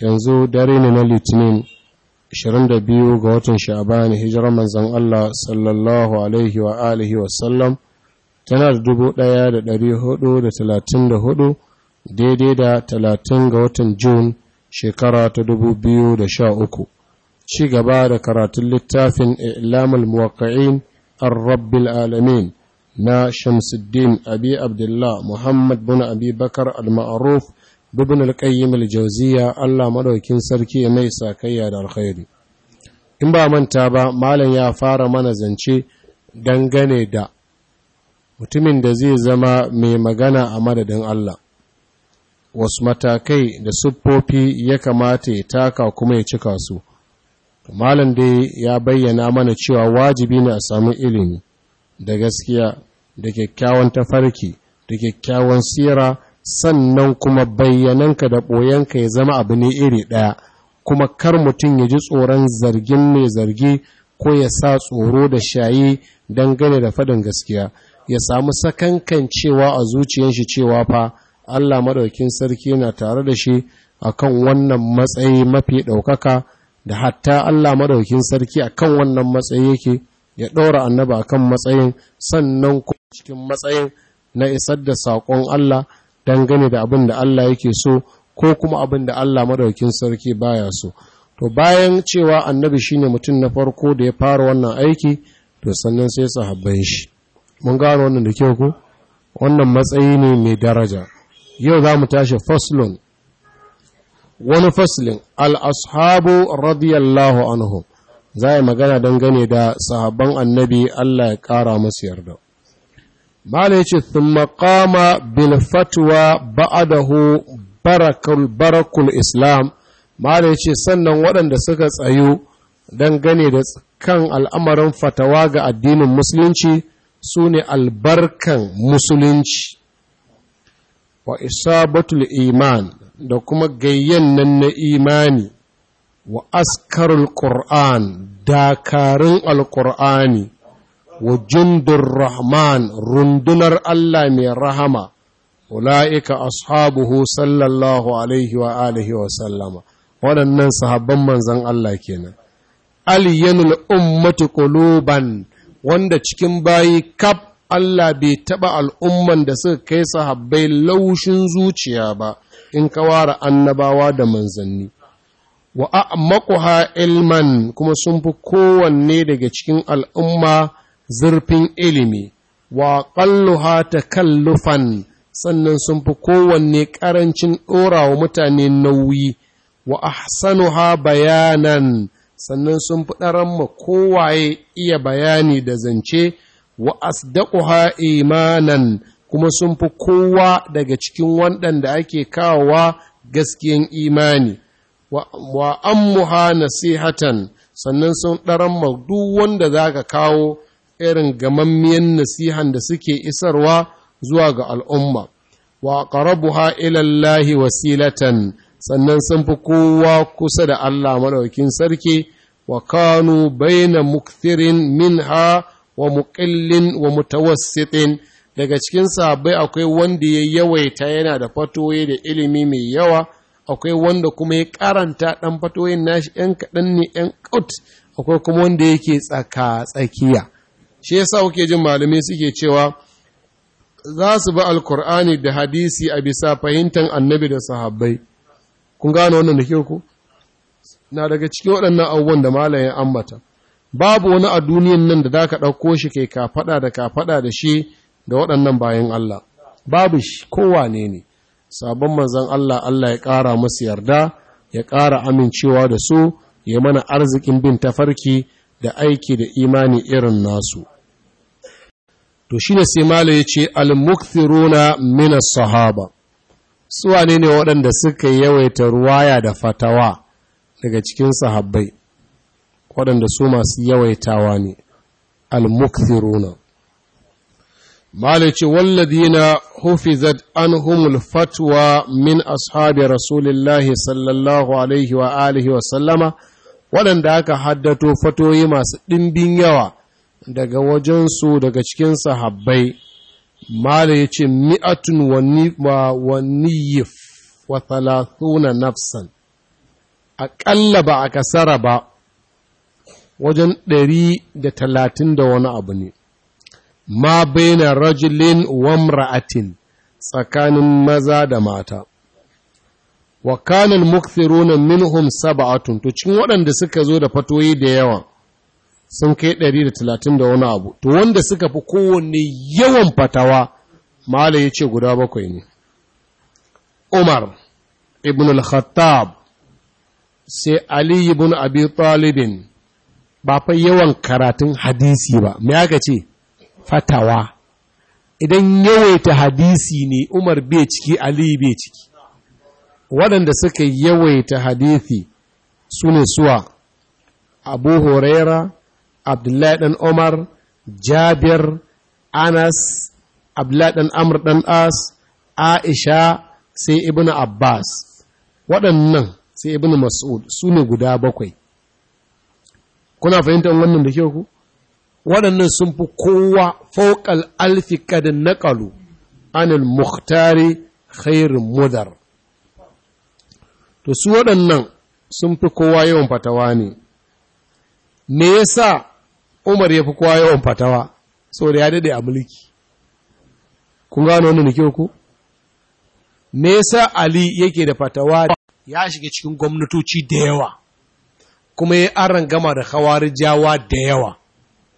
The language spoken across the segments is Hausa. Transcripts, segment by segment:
yanzu dare ne na litinin 22 ga watan sha'abani hijirar manzan Allah sallallahu alaihi wa alihi sallam tana da 1434 daidai da 30 ga watan jun shekara ta 2013 ci gaba da karatun littafin ilamul muwaƙa'in an rabbil alamin na shamsuddin abi abdullah muhammad bin abi bakar al-ma'ruf bubin alƙayyim aljauziya Allah maɗaukin sarki ya mai sakayya da alkhairi in ba manta ba malam ya fara mana zance dangane da mutumin da zai zama mai magana a madadin Allah wasu matakai da siffofi ya kamata ya taka kuma ya cika su malam dai ya bayyana mana cewa wajibi ne a samu ilimi da gaskiya da kyakkyawan tafarki da kyakkyawan sira sannan kuma bayyananka da ɓoyanka ya zama abu ne iri ɗaya kuma kar mutum ya ji tsoron zargin mai zargi ko ya sa tsoro da shayi dangane da faɗin gaskiya ya samu sakankan cewa a zuciyar shi cewa fa Allah maɗaukin sarki na tare da shi a kan wannan matsayi mafi ɗaukaka da hatta Allah maɗaukin sarki a kan wannan matsayi yake ya ɗora annaba a kan matsayin sannan kuma cikin matsayin na isar da saƙon Allah dangane da abin da Allah yake so ko kuma abin da Allah madaukin sarki baya so to bayan cewa annabi shine mutum na farko da ya fara wannan aiki to sannan sai sahabban shi mun gano wannan da kyau ko wannan matsayi ne mai daraja yau za mu tashi faslun wani faslin al-ashabu radiyallahu anhu za yi magana dangane da sahabban annabi Allah ya ƙara masa yarda Mala sun makama Thumma bil fatwa ba'adahu barakul barakul Islam, Mala sannan waɗanda suka tsayu don gane da kan al'amarin fatawa ga addinin Musulunci su ne albarkan Musulunci, wa isabatul iman da kuma gayyan na imani, wa askarul Qur'an, dakarun alƙur'ani. wa jundur rahman rundunar Allah mai rahama ula'ika ashabuhu sallallahu alaihi wa alihi wa sallama waɗannan sahabban manzan Allah kenan aliyanul ummatu quluban wanda cikin bayi kaf Allah bai taɓa al'umman da suka kai sahabbai laushin zuciya ba in ka ware annabawa da manzanni wa a'maquha ilman kuma sun fi kowanne daga cikin al'umma zurfin ilimi wa ƙalluha ta kallufan sannan sun fi kowanne ƙarancin ɗorawa mutane nauyi wa ahsanuha bayanan sannan sun fi ɗaran kowaye iya bayani da zance wa asdaquha imanan kuma sun fi kowa daga cikin waɗanda ake kawowa gaskiyan imani wa ammuha nasihatan sannan sun ɗaran duk wanda za ka kawo irin gamammiyan nasihan da suke isarwa zuwa ga al'umma, wa ƙarabuha ilallahi wasilatan sannan sun fi kowa kusa da Allah maɗaukin sarki wa kanu baina muktirin minha wa muƙillin wa mutawassitin daga cikin sabai akwai wanda ya yawaita yana da fatoyi da ilimi mai yawa akwai wanda kuma ya karanta ɗan fatoyin nashi ‘yan kaɗan ne ‘yan ƙut akwai kuma wanda yake tsaka tsakiya shi yasa kuke jin malamai suke cewa za su bi alkur'ani da hadisi a bisa fahimtar annabi da sahabbai kun gane wannan da ku na daga cikin waɗannan abubuwan da malayen ambata babu wani a duniyan nan da za ka ɗauko shi kai ka faɗa da ka faɗa da shi da waɗannan bayan Allah babu shi kowa ne sabon manzan Allah Allah ya ƙara musu yarda ya ƙara amincewa da su ya mana arzikin bin tafarki da aiki da imani irin nasu to shi ne sai mala ya ce min as sahaba suwane ne waɗanda suka yawaita ruwaya da fatawa daga cikin sahabbai waɗanda su masu yawaitawa ne almukthiruna mala ce walladina hufizat anhumul fatwa min ashabi rasulillahi sallallahu alaihi wa alihi wa sallama waɗanda aka haddato fatoyi masu ɗimbin yawa daga wajensu daga cikin sahabbai mala ya ce mi'atun wa niyif wa thalathuna nafsan aƙalla ba a kasara ba wajen ɗari da talatin da wani abu ne ma baina rajulin wamra'atin tsakanin maza da mata wa kanal mukthiruna minhum sab'atun to cikin waɗanda suka zo da fatoyi da yawa sun kai ɗari da wani abu to wanda suka fi kowanne yawan fatawa mala ya ce guda bakwai ne umar ibn al-khattab sai ali ibn abi talibin ba fa yawan karatun hadisi ba me aka ce fatawa idan yawaita hadisi ne umar bai ciki ali bai ciki waɗanda suka yawaita hadisi su ne suwa abu horaira? abdullahi ɗan umar jabir anas abdullahi ɗan amr ɗan as aisha sai ibn abbas waɗannan sai ibn mas'ud su ne guda bakwai kuna fahimtar wannan da ke ku waɗannan sun fi kowa fokal alfi kadin naƙalu anil muhtari khairin mudar to su waɗannan sun fi kowa yawan fatawa ne me yasa umar ya fi kowa yawan fatawa saboda ya dade a mulki kun gano wannan da kyau ku? me yasa ali yake da fatawa ya shiga cikin gwamnatoci da yawa kuma ya aran gama da hawarijawa da yawa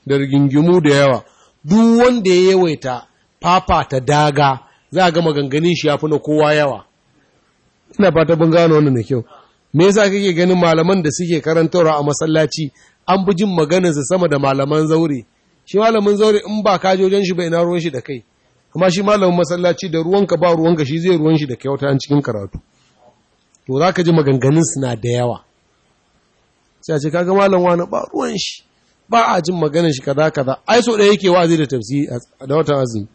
da rigingimu da yawa duk wanda ya yawaita fafa ta daga za a gama ganganin shi ya fi na kowa yawa ina fata bin gano wannan da kyau me yasa kake ganin malaman da suke karantarwa a masallaci an bi jin maganarsa sama da malaman zaure shi malamin zaure in ba ka jojen shi ba ina ruwan shi da kai kuma shi malamin masallaci da ruwanka ba ruwanka shi zai ruwan shi da kai wata an cikin karatu to za ka ji maganganun suna da yawa sai a ce kaga malam wani ba ruwan shi ba a jin maganar shi kaza kaza ai so da yake wazi da tafsi da watan azumi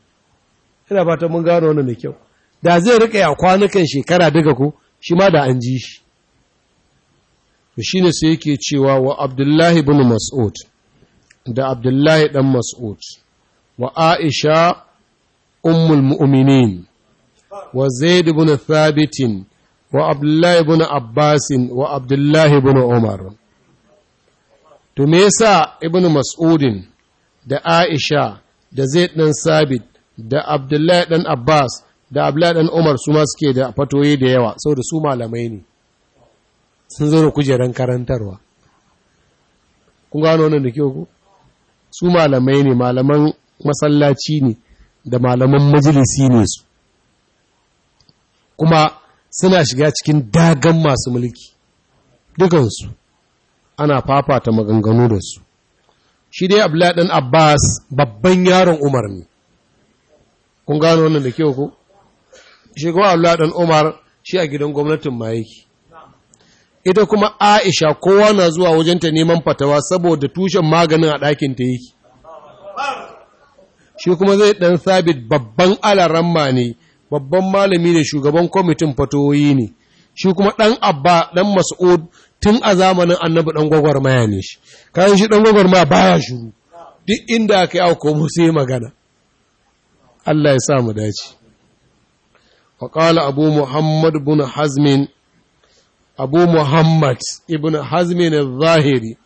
ina fata mun gano wannan da kyau da zai rika ya kwanukan shekara daga ko shi ma da an ji shi to ne sai yake cewa wa abdullahi bin mas'ud da abdullahi dan mas'ud wa aisha ummul mu'minin wa zaid bin thabit wa abdullahi bin abbas wa abdullahi bin umar to me yasa ibn mas'udin da aisha da zaid dan sabit da abdullahi dan abbas da abdullahi dan umar su ma suke da fatoyi da yawa saboda su malamai ne sun zo da kujerar karantarwa kun gano wannan da kyau ku su malamai ne malaman masallaci ne da malaman majalisi ne su kuma suna shiga cikin dagan masu mulki dukansu ana fafata maganganu da su shi dai abdullahi dan abbas babban yaron umar ne kun gano wannan da kyau ku shi kuma abdullahi dan umar shi a gidan gwamnatin ma yake ita kuma Aisha kowa na zuwa wajenta neman fatawa saboda tushen maganin a ɗakin ta yake shi kuma zai ɗan sabit babban alaramma ne babban malami da shugaban kwamitin fatoyi ne shi kuma ɗan abba ɗan mas'ud tun a zamanin annabi ɗan gwagwarmaya ne shi kayan shi ɗan gwagwarmaya baya shuru duk inda aka yi auko sai magana Allah ya sa mu dace وقال Abu muhammad بن Hazmin. abu muhammad ibn hazmin zahiri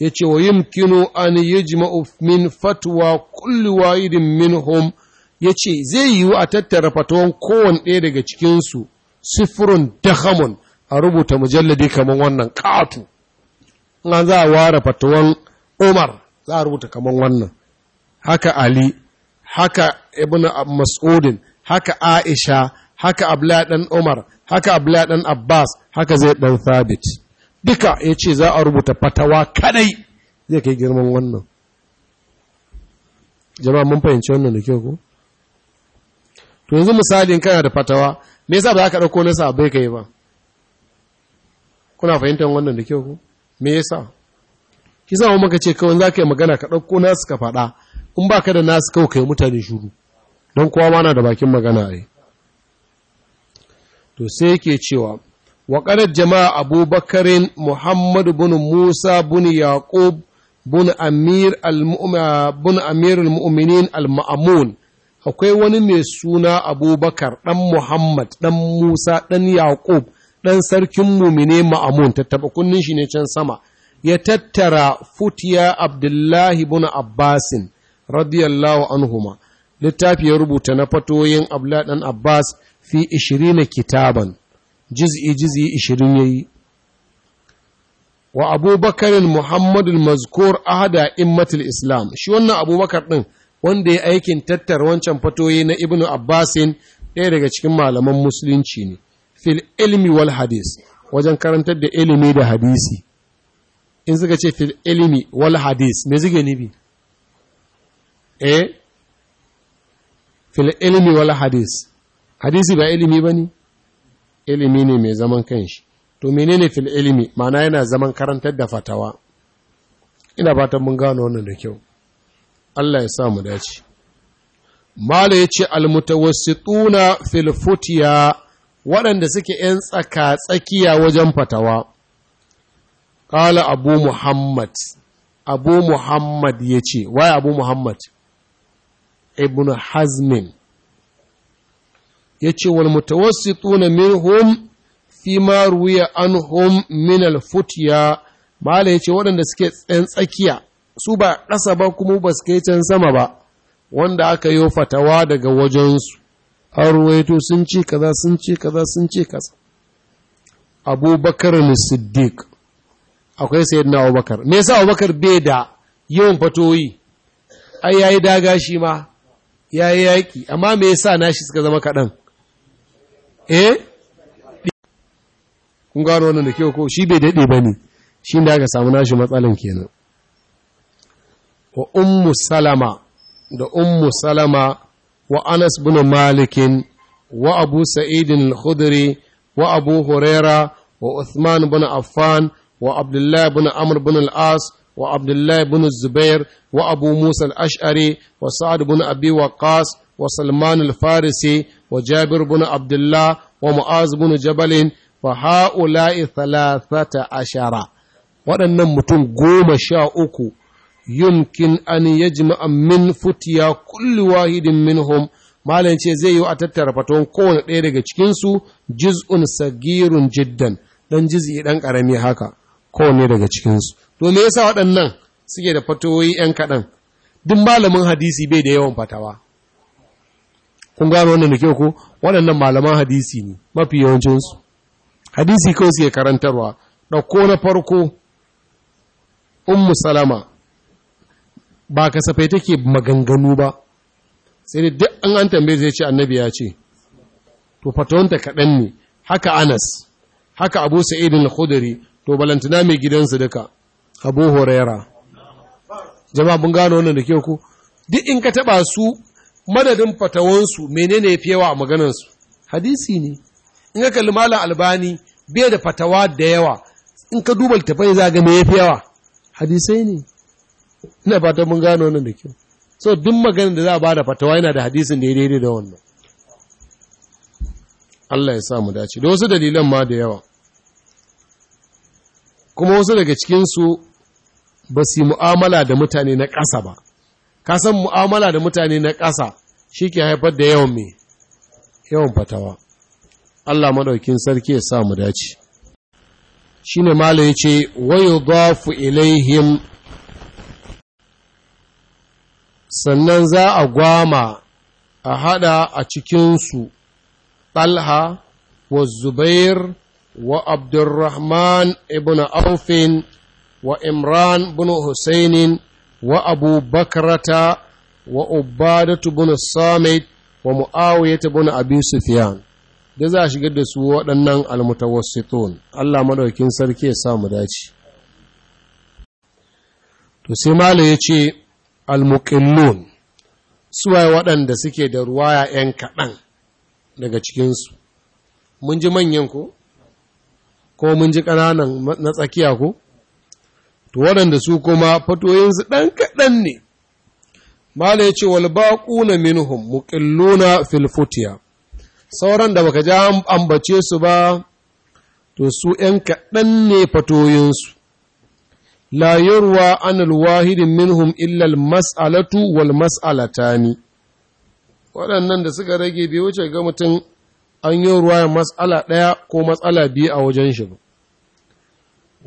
ya ce wa yimkinu an yajma'u min fatwa kulli wahidin minhum ya ce zai yiwu a tattara fatawan kowane ɗaya daga cikinsu sifirun dahamun a rubuta mujalladi kamar wannan ƙatu an za a ware fatawan umar za a rubuta kamar wannan haka ali haka ibn mas'udin haka aisha haka abla ɗan umar haka abdullahi dan abbas haka zai dan thabit duka ya ce za a rubuta fatawa kadai zai kai girman wannan jama'a mun fahimci wannan da kyau ko to yanzu misalin kana da fatawa me yasa ba za ka dauko na sabai kai ba kuna fahimtar wannan da kyau ko me yasa shi sa muka ce kawai za ka yi magana ka dauko nasu ka faɗa in ba ka da nasu kawai kai mutane shuru don kowa ma na da bakin magana ai to sai yake cewa wa jama'a abubakarin muhammadu bin musa bin yaqub bin amir al-mu'minin al-ma'amun akwai wani mai suna abubakar ɗan muhammad ɗan musa ɗan yaqub ɗan sarkin mumine ma'amun tattaba kunnin shi ne can sama ya tattara futiya abdullahi bin abbasin radiyallahu anhuma littafi ya rubuta na fatoyin abla ɗan abbas fi ishirina kitaban jiz'i jiz'i ishirin ya yi wa abubakarin muhammadul mazkur ahada immatul islam shi wannan abubakar ɗin wanda ya aikin tattar wancan fatoyi na ibnu abbasin ɗaya daga cikin malaman musulunci ne fil ilmi wal hadis wajen karantar da ilimi da hadisi in suka ce fil ilmi wal hadis me zige nibi eh fil ilmi wal hadis hadisi ba ilimi ba ne ilimi ne mai zaman kanshi to menene fil ilimi mana yana zaman karantar da fatawa ina fatan mun gano wannan da kyau Allah ya sa mu dace mala yace almutawassituna fil futiya waɗanda suke ‘yan tsaka tsakiya wajen fatawa ƙala abu muhammad abu muhammad ya ce wai abu muhammad ibn hazmin ya ce wal mutawassituna minhum fi ma ruwiya anhum min al futiya mala ya ce waɗanda suke tsayin tsakiya su ba ƙasa ba kuma ba su kai can sama ba wanda aka yi fatawa daga wajensu an ruwaito sun ce kaza sun ce kaza sun ce kaza abubakar siddiq akwai na abubakar me yasa abubakar bai da yawan fatoyi ai yayi daga shi ma yayi yaki amma me yasa nashi suka zama kaɗan eh kun gano wannan da kyau ko shi bai daɗe ba shi da aka samu nashi matsalan kenan wa ummu salama da ummu salama wa anas bin malikin wa abu sa'idin al-khudri wa abu wa uthman bin affan wa abdullahi bin amr bin al-as zubair wa بن Ash'ari, Wa موسى الأشعري وسعد بن أبي wa Salman farisi wa Jabir bin Abdullah wa Mu'az bin Jabal fa haula'i thalathata ashara waɗannan mutum goma sha uku yumkin an yajma'a min futiya kulli wahidin minhum malam ce zai yi a tattara faton kowane ɗaya daga cikinsu juz'un sagirun jiddan dan juz'i dan ƙarami haka kowane daga cikinsu to me yasa waɗannan suke da fatoyi 'yan kaɗan duk malamin hadisi bai da yawan fatawa kun gano wannan da kyau ko waɗannan malaman hadisi ne mafi yawancinsu hadisi kawai suke karantarwa ɗauko na farko ummu salama ba kasafai take maganganu ba sai dai duk an an tambaye zai ce annabi ya ce to fatawanta kaɗan ne haka anas haka abu sa'id al-khudri to balantana mai gidansu duka abu huraira jama'a mun gano wannan da kyau ko duk in ka taba su madadin fatawansu menene ya fiye yawa a maganansu hadisi ne in ka kalli malam albani bai da fatawa da yawa in ka duba littafai za ga me ya fiye yawa hadisai ne ina fatan mun gano wannan da kyau so duk maganin da za a ba da fatawa yana da hadisin da ya daidai da wannan Allah ya sa mu dace da wasu dalilan ma da yawa kuma wasu daga cikinsu ba su yi mu'amala da mutane na ƙasa ba ka san mu'amala da mutane na ƙasa shi ke haifar da yawan mai yawan fatawa Allah maɗaukin sarki ya sa mu dace shi ne mala ya ce wayo dafu ilaihim sannan za a gwama a haɗa a cikinsu ɗalha wa zubair wa abdurrahman ibn aufin wa imran ibn husainin wa abu bakrata wa ubadatu bin samit wa mu'awiyatu bin abi sufyan da za a shigar da su waɗannan almutawassitun Allah madaukin sarki ya samu dace to sai ya ce almuqillun suwaye waɗanda suke da ruwaya ‘yan kaɗan daga cikinsu, mun ji manyan ko, ko mun ji ƙananan na tsakiya ko, to waɗanda su kuma fatoyinsu ɗan kaɗan ne. da ya ce, na minhum muƙilluna filfutiya, sauran da baka ja ambace su ba, to su ’yan kaɗan ne fatoyinsu. La yarwa an alwahidin minhum illal mas'alatu wal mas'alatani. Waɗannan da suka rage bai wuce ga mutum an yi ruwa mas'ala ɗaya ko matsala biyu a wajen shi ba.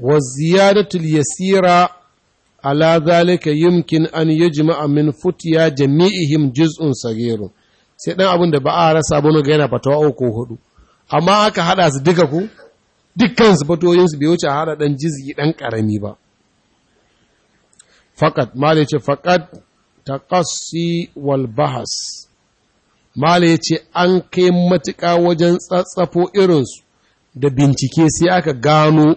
wa ziyadatul yasira ala zalika yumkin an yajma'a min futiya jami'ihim juz'un sagirun sai dan abin da ba a rasa ba ga yana fatawa uku amma aka hada su duka ku dukkan su fatoyin bai wuce hada dan jizgi dan karami ba faqat mali ce faqat taqassi wal bahas mali ce an kai matuka wajen tsatsafo irinsu da bincike sai aka gano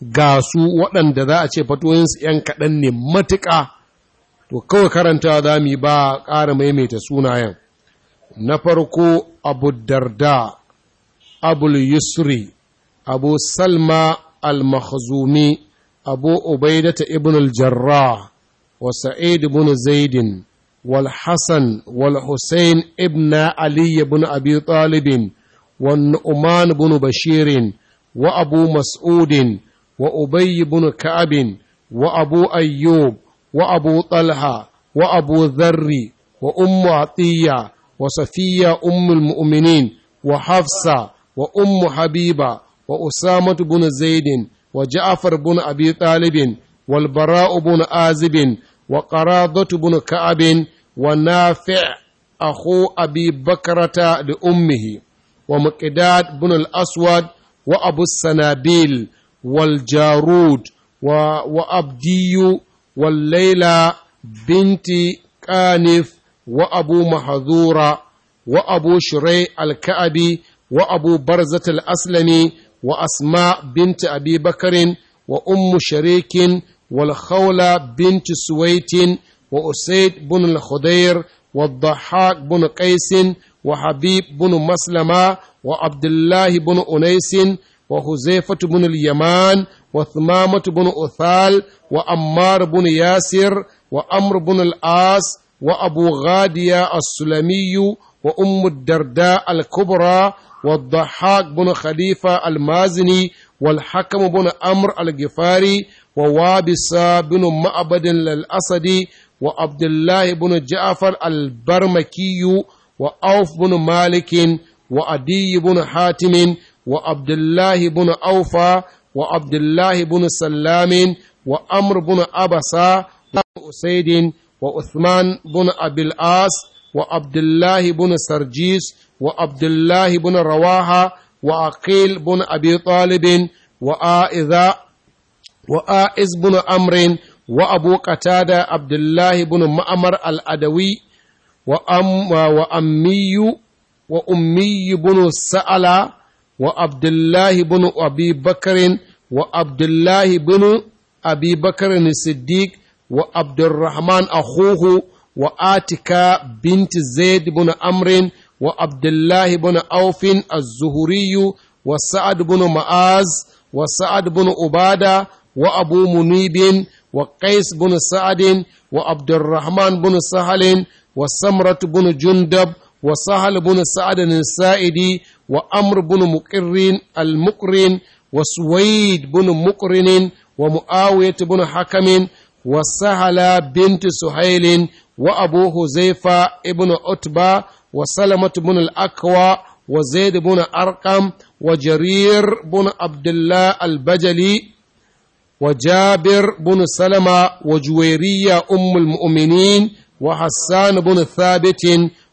ga su waɗanda za a ce fatoyinsu ‘yan kaɗan ne matuƙa, to kawai karanta za mu yi ba ƙara maimaita sunayen. Na farko Abu Darda, Abu Yusri, Abu Salma al mahzumi Abu Ubaidata ibn al jarra wa Sa'id ibn Zaidin, wal Hassan, wal Hussein ibn Ali ibn Abi Talibin, wa Nu'man ibn Bashirin, wa Abu Mas'udin, wa Ubay ibn Ka'ab wa Abu Ayyub wa Abu Talha wa Abu Dharr wa Ummu Atiyya wa Safiya Ummul Mu'minin wa Hafsa wa Ummu Habiba wa Usama ibn Zaid wa Ja'far ibn Abi Talib wal Bara ibn Azib wa Qaradah ibn Ka'ab wa Nafi' akhu Abi Bakrata li ummihi wa Miqdad ibn al-Aswad wa Abu Sanabil Waljarud, jarud wa, wa abdiyu wal laila binti ƙanif, wa abu mahazura wa abu shirai al-ka'abi wa abu barzat al-aslami wa asma binti abi bakarin wa ummu sharikin wal khawla binti suwaitin wa usaid bin wa khudair والضحاك بن wa Habib, بن Maslama, wa Abdullahi, بن Unaisin. wa huzaifatu bin al-yaman wa thumamatu bin uthal wa ammar bin yasir wa amr bin al-as wa abu ghadiya as-sulami wa ummu darda al-kubra والضحاك بن خليفة المازني والحكم بن أمر الجفاري ووابس بن معبد الأسدي وعبد الله بن جعفر البرمكي وأوف بن مالك وأدي بن حاتم wa abdullahi bin aufa wa abdullahi bin sallamin wa amr bin abasa wa usaidin wa uthman bin abil as wa abdullahi bin sarjis wa abdullahi bin rawaha wa aqil bin abi talibin wa wa a'iz bin amrin وأبو قتادة عبد الله بن مأمر الأدوي وأم وأمي وأمي بن سألة wa abdullahi bin abi bakarin wa abdullahi bin abi bakarin siddiq wa abdurrahman akhuhu wa atika binti zaid bin amrin wa abdullahi bin aufin az-zuhuriyyu wa sa'ad bin ma'az wa sa'ad bin ubada wa abu munibin wa qais bin sa'adin wa abdurrahman bin sahalin wa samrat bin jundab wa sahal bin sa'ad sa'idi wa amr bin al-muqrin wa suwaid bin muqrin wa muawiyah bin hakamin wa sahala bint suhailin wa abu huzaifa ibn utba wa salamatu bin al-akwa wa zaid bin arqam wa jarir bin abdullah al-bajali salama, wa سلمة وجويرية أم wa وحسان بن ثابت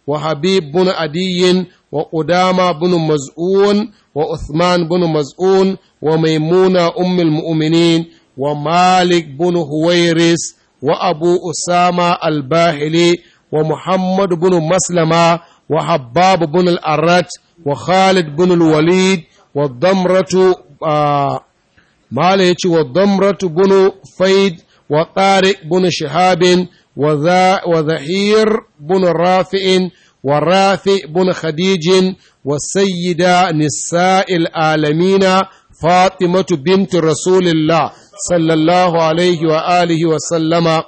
wa habib bin adiyin wa Udama bin maz'un wa uthman bin maz'un wa maimuna ummul mu'minin wa malik bin huwairis wa abu usama al-bahili wa Muhammadu bin maslama wa habbab bin arrat wa khalid bin al-walid wa damratu yace wa damratu bin faid wa tariq bin shihabin وذحير بن رافع ورافع بن خديج والسيدة نساء العالمين فاطمة بنت رسول الله صلى الله عليه وآله وسلم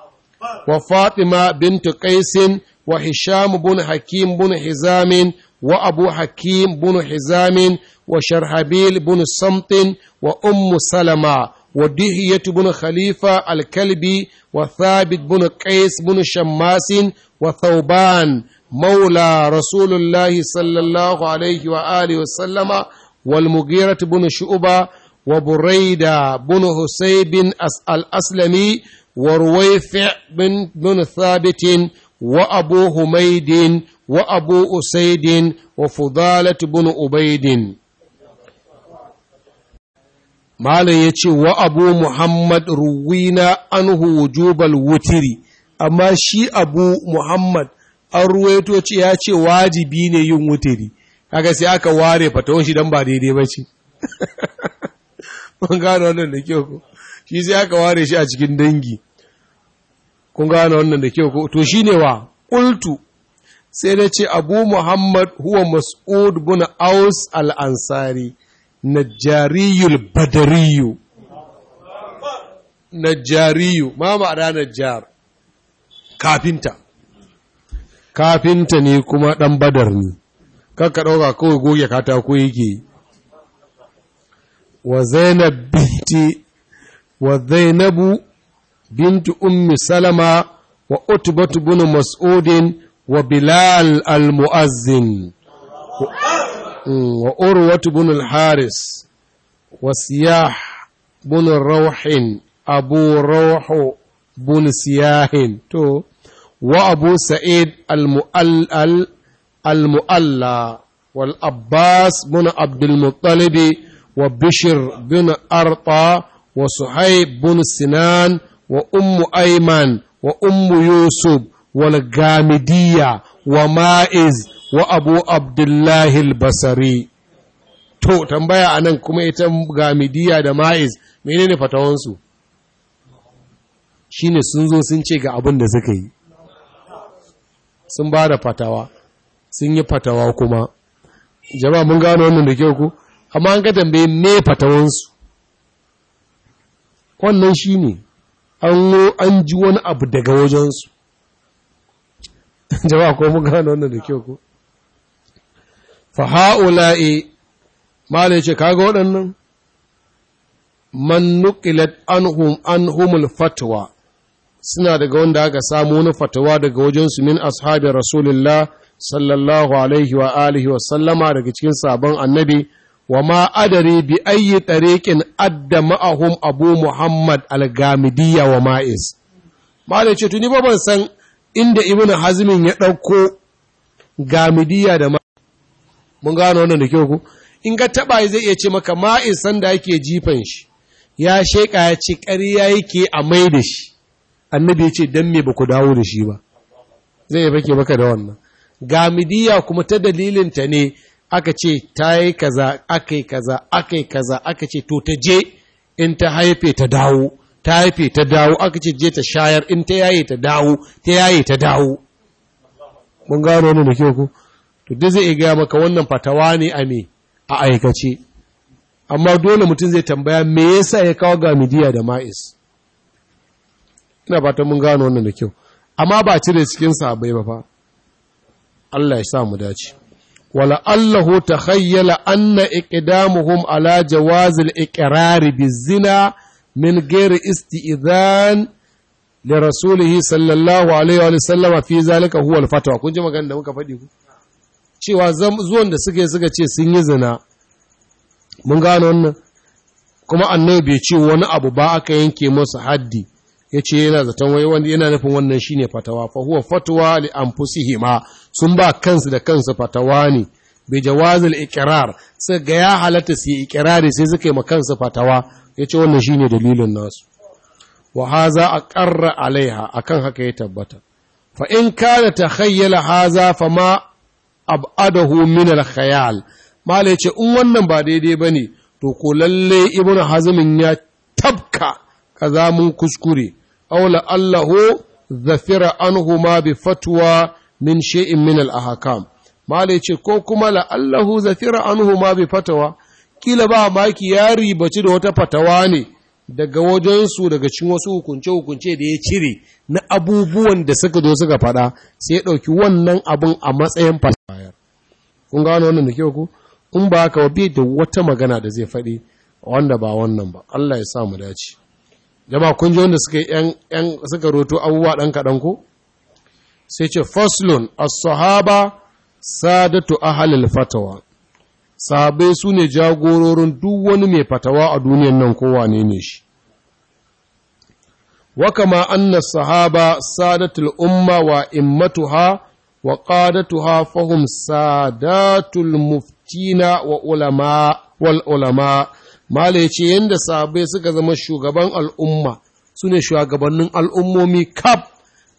وفاطمة بنت قيس وهشام بن حكيم بن حزام وأبو حكيم بن حزام وشرحبيل بن صمت وأم سلمة وديهية بن خليفة الكلبي وثابت بن قيس بن شماس وثوبان مولى رسول الله صلى الله عليه وآله وسلم والمغيرة بن شعبة وبريدة بن حسيب الأسلمي ورويفع بن, بن ثابت وأبو حميد وأبو أسيد وفضالة بن أبيد malam ya ce wa abu muhammad ruwina anhu wujubal wutiri amma shi abu muhammad an ruwaito ce ya ce wajibi ne yin wutiri kaga sai aka ware fatawon shi dan ba daidai ba ce Kun gane wannan da kyau ko shi sai aka ware shi a cikin dangi kun gane wannan da kyau ko to shi ne wa kultu? sai na ce abu muhammad huwa mas'ud bin aus al-ansari najjariyul badariyu najjariyu ma ma'ana najjar kafinta kafinta ne kuma ɗan badar ne kanka ɗauka kawai goge katako yake wa zainab binti wa zainabu bintu ummi salama wa utbat bin mas'udin wa bilal al-mu'azzin wa urwatu bin al-haris wa siyah bin rauhin abu rauhu bin siyahin to wa abu sa'id al-mu'allal al-mu'alla wal abbas bin abdul muttalib wa bishr bin arta wa suhaib bin sinan wa ummu ayman wa ummu yusuf Walgamidiya gamidiyya wa ma'iz wa abu abdullahi basari to tambaya anan kuma ita gamidiyya da ma'iz menene fatawansu shine sun zo sun ce ga abin da suka yi sun ba da fatawa sun yi fatawa kuma jama'a mun gano wannan da kyau ku amma an ka tambaye me fatawansu wannan shine an an ji wani abu daga wajensu jama'a ko mun gano wannan da kyau ko fa haula'i malai ce kaga waɗannan man nuqilat anhum anhumul fatwa suna daga wanda aka samu wani fatwa daga wajen su min ashabi rasulullah sallallahu alaihi wa alihi wa sallama daga cikin sabon annabi wa ma adari bi ayyi tariqin adda ma'ahum abu muhammad al-gamidiyya wa ma'is malai ce tuni ba ban san inda ibn hazmin ya ɗauko gamidiya da mun gano wannan da kyau ko, in ga taɓa zai iya ce maka ma'isan da yake jifan shi ya sheƙa ya ce ƙarya yake a mai da shi annabi ya ce don me ba ku dawo da shi ba zai ke maka da wannan gamidiya kuma ta dalilinta ne aka ce ta yi kaza aka yi kaza aka yi kaza aka ce to ta je in ta haife ta dawo ta haife ta dawo aka ce je ta shayar in ta yaye ta dawo ta yaye ta dawo mun gano wannan da kyau ko to duk zai ga maka wannan fatawa ne a me a aikace amma dole mutum zai tambaya me yasa ya kawo midiya da ma'is ina fatan mun gano wannan da kyau amma ba cire cikin bai ba fa Allah ya sa mu dace wala allahu takhayyala anna iqdamuhum ala jawazil iqrar bizina min gairi isti'izan da rasulihi sallallahu alaihi wa sallama fi zalika huwa al-fatwa kun ji magana da muka faɗi ku cewa zuwan da suke suka ce sun yi zina mun gano wannan kuma annabi bai ce wani abu ba aka yanke masa haddi ya ce yana zaton wai wanda yana nufin wannan shine fatawa fa huwa fatwa li anfusihima sun ba kansu da kansu fatawa ne bi jawazil iqrar sai ga ya halatta su yi iqrari sai suka yi makansu fatawa yace wannan shine dalilin nasu wa haza aqarra alaiha akan haka ya tabbata fa in kana takhayyala haza fama abadahu min al-khayal mala yace in wannan ba daidai bane to ko lalle ibnu hazumin ya tabka kaza mun kuskure aula allahu zafira Anhu ma bi fatwa min shay'in min al-ahkam Malai ce, ko kuma la'allahu zafira anhu ma bi fatawa, kila ba maki ya ribaci da wata fatawa ne daga wajensu daga cin wasu hukunce-hukunce da ya cire na abubuwan da suka zo suka faɗa sai ya ɗauki wannan abin a matsayin fasayar. Kun gano wannan da kyau ku? In ba haka bai da wata magana da zai faɗi wanda ba wannan ba. Allah ya sa mu dace. Jama'a kun ji wanda suka yan suka roto abubuwa ɗan kaɗan ko? Sai ce faslun as-sahaba sadatu halin fatawa Sabai su ne jagororin duk wani mai fatawa a duniyan nan kowa ne ne shi wakama anna sahaba sadatul umma wa immatuha wa qadatuha fahum sadatul muftina wa ulama wal ulama mala yace yanda sabai suka zama shugaban al'umma sune shugabannin al'ummomi Kab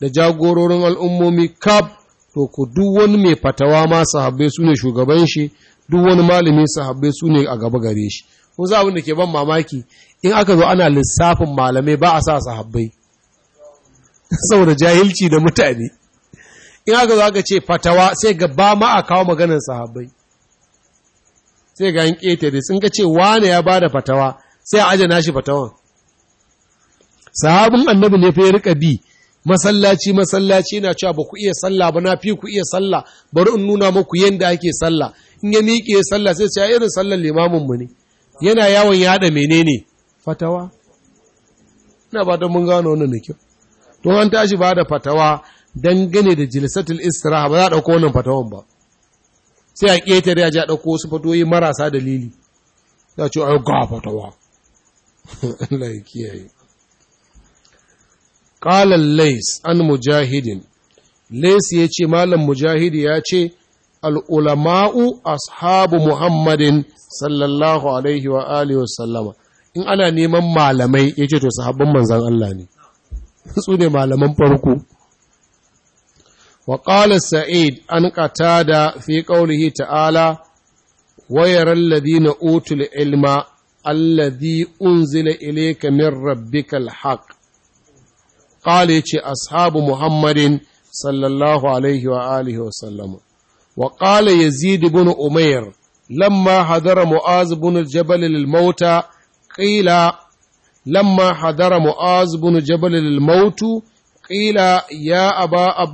da jagororin al'ummomi Kab. to ku duk wani mai fatawa ma sahabbai su ne shugaban shi duk wani malami sahabbai su ne a gaba gare shi ko za abin da ke ban mamaki in aka zo ana lissafin malamai ba a sa sahabbai saboda jahilci da mutane in aka zo aka ce fatawa sai ga ba ma a kawo maganar sahabbai sai ga yin ƙetare sun ka ce wane ya bada fatawa sai a ajana shi fatawan sahabin annabi ne fa ya rika bi masallaci masallaci na cewa ba ku iya sallah ba na fi ku iya sallah bari in nuna muku yadda ake sallah in ya miƙe sallah sai ce irin sallar limamin mu ne yana yawon yada menene fatawa ina ba don mun gano wannan da to an tashi ba da fatawa dangane da jilsatul istiraha ba za a ɗauko wannan fatawan ba sai a ƙetare a ji a ɗauko su fatoyi marasa dalili za a ce ai ga fatawa Allah ya kiyaye ƙalar lais an mujahidin lais ya ce malam mujahidi ya ce al'ulama'u ashabu muhammadin sallallahu alaihi wa alihi wasallama in ana neman malamai ya ce to sahabban manzan Allah ne su ne malaman farko wa sa'id an ƙata da fi ƙaunihi ta'ala wayarar ladina utul ilma alladhi unzila ilayka min rabbikal haƙ. ƙale ce ashabu muhammadin sallallahu alaihi wa alihi wa sallama wa ƙale yazid ibn umair lamma hadara mu'az ibn jabal lil mauta qila lamma hadara mu'az ibn jabal ya aba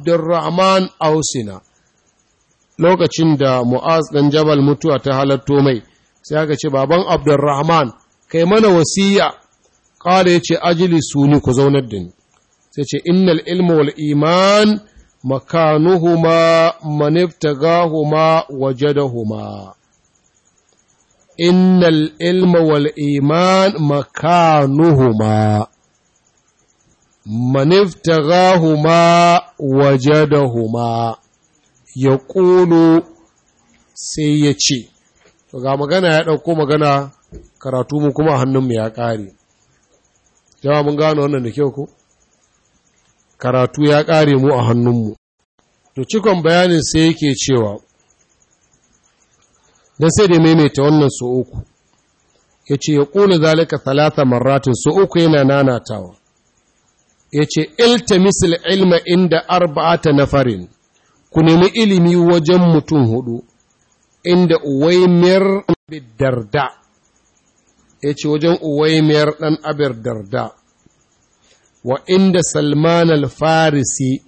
lokacin da mu'az ɗan jabal mutuwa ta halarto mai sai aka ce baban abdurrahman kai mana wasiya ƙara ya ce ajili suni ku zaunar da ni sai ce innal ilmu wal iman makanuhuma maniftagahuma wajadahuma innal ilma wal iman makanuhuma maniftagahuma wajadahuma ya ƙulu sai ya ce to ga magana ya ɗauko magana karatu mu kuma hannunmu ya ƙare jama mun gano wannan da kyau ko karatu ya ƙare mu a hannunmu to cikon bayanin sai yake cewa da sai da maimaita wannan su uku ya ce ya ƙuna zalika talata marratin su uku yana nanatawa ya ce misil ilma inda arba'ata nafarin ku nemi ilimi wajen mutum hudu inda uwaimiyar darda ya ce wajen uwaimiyar ɗan abir darda wa inda salman al-farisi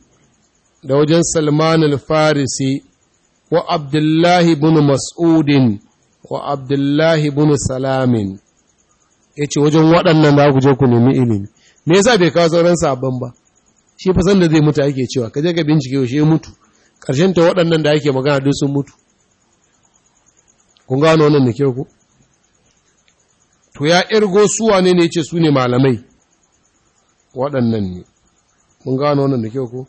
da wajen salman al-farisi wa abdullahi bin mas'udin wa abdullahi bin salamin ya ce wajen waɗannan da ku je ku nemi ilimi me yasa bai kawo sauran sabon ba shi fa san da zai mutu ake cewa ka je ka bincike shi ya mutu ƙarshen ta waɗannan da ake magana duk sun mutu kun gano wannan da kyau ku to ya irgo su ne ne ce su ne malamai waɗannan ne mun gano wannan da kyau ko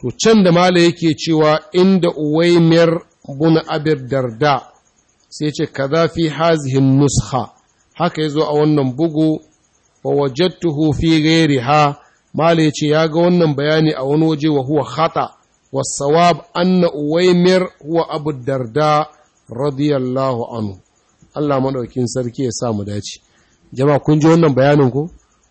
to can da mala yake cewa inda uwaimiyar bun abir darda sai ce kaza fi hazihin nusha haka yazo a wannan bugu wa wajadtuhu fi ghairiha mala yace ya ga wannan bayani a wani waje wa huwa khata wa sawab anna هو huwa abu darda radiyallahu عنه Allah maɗaukin sarki ya sa mu dace. Jama'a kun ji wannan bayanin ko?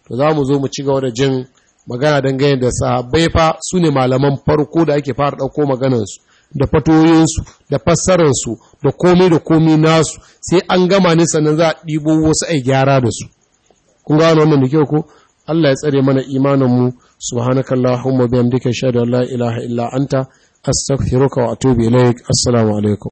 to za mu zo mu ci gaba da jin magana dangane da sahabbai fa su ne malaman farko da ake fara ɗauko maganansu da fatoyinsu da fassararsu da komai da komai nasu sai an gama ne sannan za a ɗibo wasu ai gyara da su kun gano wannan da kyau ko Allah ya tsare mana imaninmu subhanakallahumma bihamdika shada la'ila ilaha illa anta astaghfiruka wa atubu ilaik assalamu alaikum